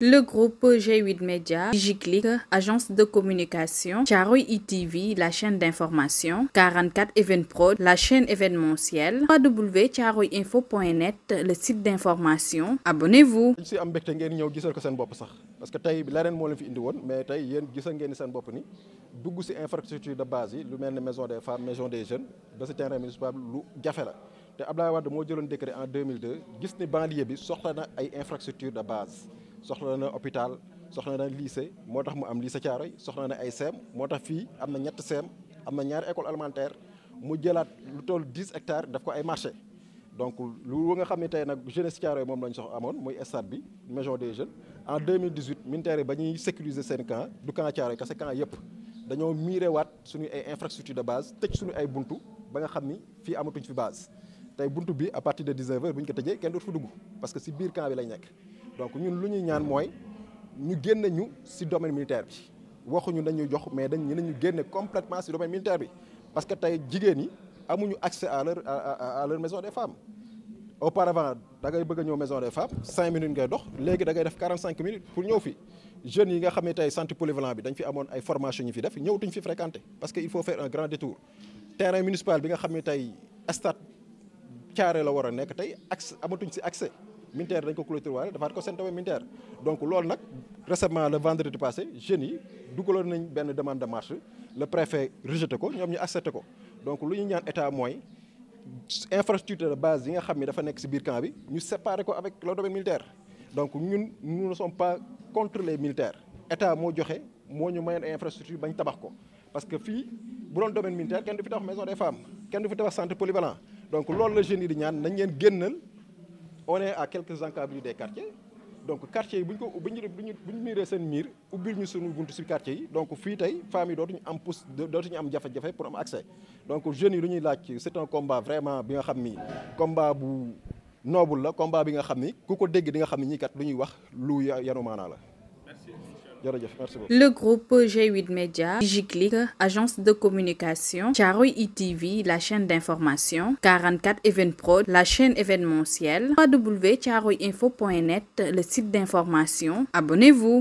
Le groupe G8 Media, DigiClick, agence de communication, Charoui ITV, la chaîne d'information, 44 Event Pro, la chaîne événementielle, www.charouiinfo.net, le site d'information. Abonnez-vous. Je suis ambecté ngeen ñëw gisal ko seen bopp sax parce que tey leneen moo leen fi indi woon mais tey yéen gisal ngeen seen bopp ni dugg ci infrastructure de base yi lu mel maison des femmes maison des jeunes ba ci terrain municipal lu jafe la te Abdoulaye Wade moo jëloon décret en 2002 gis ni banlieue bi soxla na ay de base soxna na hôpital soxna na lycée motax mu am lycée tiaroy soxna na ay sem motax fi amna ñett sem, amna ñaar école alimentaire mu jëlat lu toll 10 hectares daf ko ay marché donc lu nga xam tay nak jeunesse tiaroy mom lañ sox amone muy stade bi maison des jeunes en 2018 militaires yi ba ñuy sécuriser sen camp du camp Thiaroye kese camp yépp dañoo miré wat suñu ay infrastructure de base tëj suñu ay buntu ba nga xamni fi fii amatuñ fi base tay buntu bi à partir de 19 heures buñ ko tejé kenn dootu dugg parce que ci biir camp bi lañ nek donc nous lu nous ñaan domaine militaire Nous sommes nous jox mais domaine militaire parce que nous avons accès à leur maison des femmes auparavant da la maison des femmes 5 minutes ngay minutes pour jeunes yi nga ne centre polyvalent bi formation parce qu'il faut faire un grand détour terrain municipal bi stade accès militaire dañ ko clôturer dafa ko seen domaine militaire donc lool nak récemment le vendredi passé jeunes yi dugaloon nañ ben demande de marche le préfet rejeté ko ñom ñu accepté ko donc lu ñu ñaan état mooy infrastructure de base yi nga xamni dafa nekk ci biir camp bi ñu séparer ko avec le domaine militaire donc ñun nous ne sommes pas contre les militaires état mo joxé mo ñu mayoon infrastructure bañ tabax ko parce que fi bu doon domaine militaire kenn du fi tax maison des femmes kenn du fi tax centre polyvalent donc lool le jeunes yi di ñaan nañ leen gennal on est à quelques encablures des quartiers donc quartiers quartier ko de quartier donc fi tay am pour am accès donc jeunes yi c'est un combat vraiment bi nga combat bu noble combat bi nga xamni kuko nga ni le groupe G8 Media, Digiclick, agence de communication, Charoy ITV, e la chaîne d'information, 44 Event Pro, la chaîne événementielle, www.charoyinfo.net, le site d'information. Abonnez-vous.